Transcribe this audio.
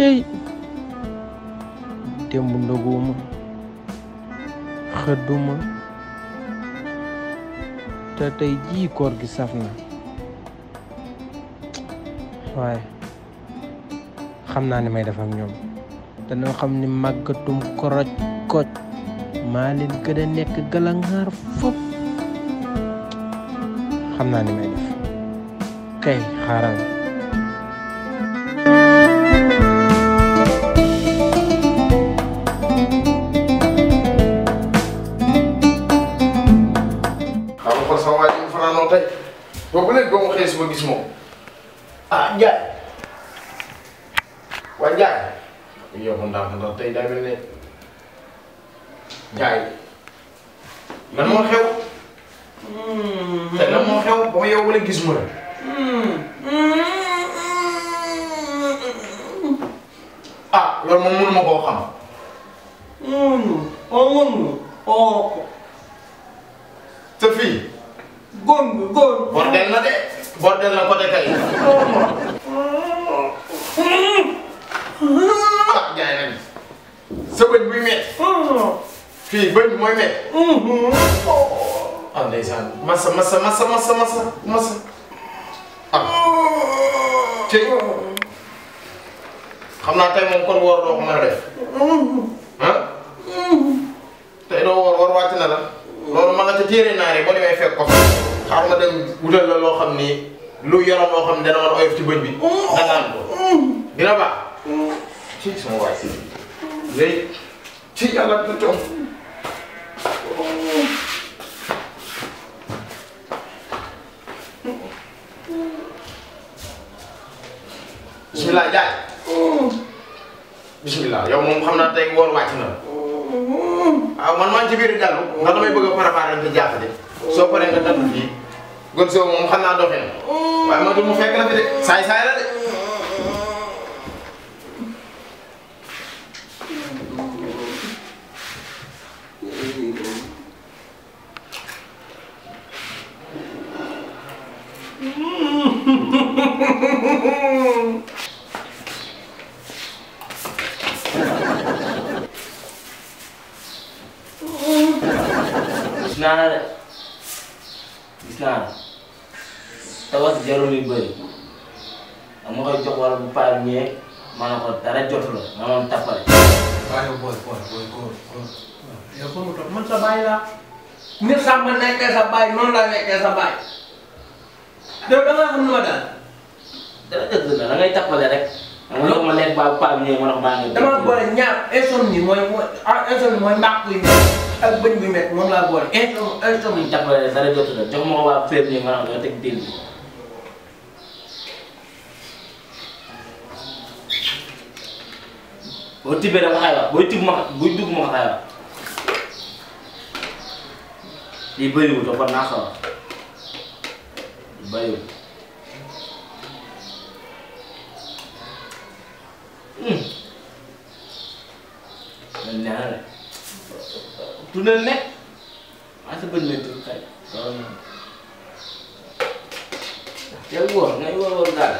liggéey démb ndoguma xëdduma te tey jii koor gi saf na waaye xam naa ni may def ak ñoom dañoo xam ni màggatum koroj koj maa leen gën a nekk fop xam ni may def kay xaaral waaye Ndiaye ñu yokk ndànk ndax tey daa mel ne Ndiaye lan moo xew. ba ma yow wala gis mu la. ah loolu moom mënu ma koo xam. oo ko. te fii. góor góor na de bordel na ko de kay. sa bëñ buy métti. fii bëñ bi mooy métti. ah ndeysaan massa massa massa massa massa massa ah. naa tey moom kon woor doo ko mën a def. ah. tey doo woor woor wàcc na la. loolu ma nga ca téere naar yi boo demee fekk ko fa. xam ni lu yaram loo xam ne dana mën a oyof ci bi. nga naan ko dina baax. ci sama léegi ci yàlla dina toog bismillah jaay bismillah yow moom xam naa tey woor wàcc na la waaw man maa ngi ci biir gàllu ndax damay bëgg a préparer nga jaaxle soo paree nga dal fii gën soo moom xam naa doxee na waaye mu fekk la fi de saay saay la de Isnar. Isnar. tawat jarul yu bëri ma koy jox wala bu paar ñee mana ne ko dara jotu la nga moom tappale. waaye booy booy booy góor góor. yow foo mu toog man sa bàyyi laa. ni sàmm ma ne ko ma lekk ba paa bi ñëwee ma ne ko maa ngi. damaa boole ñaar insomnie mooy ah insomnie mooy mbàq buy métti ak bëñ buy métti moom laa boole insomnie insomnie. jàppale dara jotu la jox ma ko waa fépp nii ma ne ko nga teg démb. boo tibbee dama xay wax booy tibb ma buy dugg ma ko xay wax lii bëriwul dafa naa solo bëriwul. man ñaar la tuddal ne maa sa bët may tudd xay loolu moom yow woor ngay woor woor daal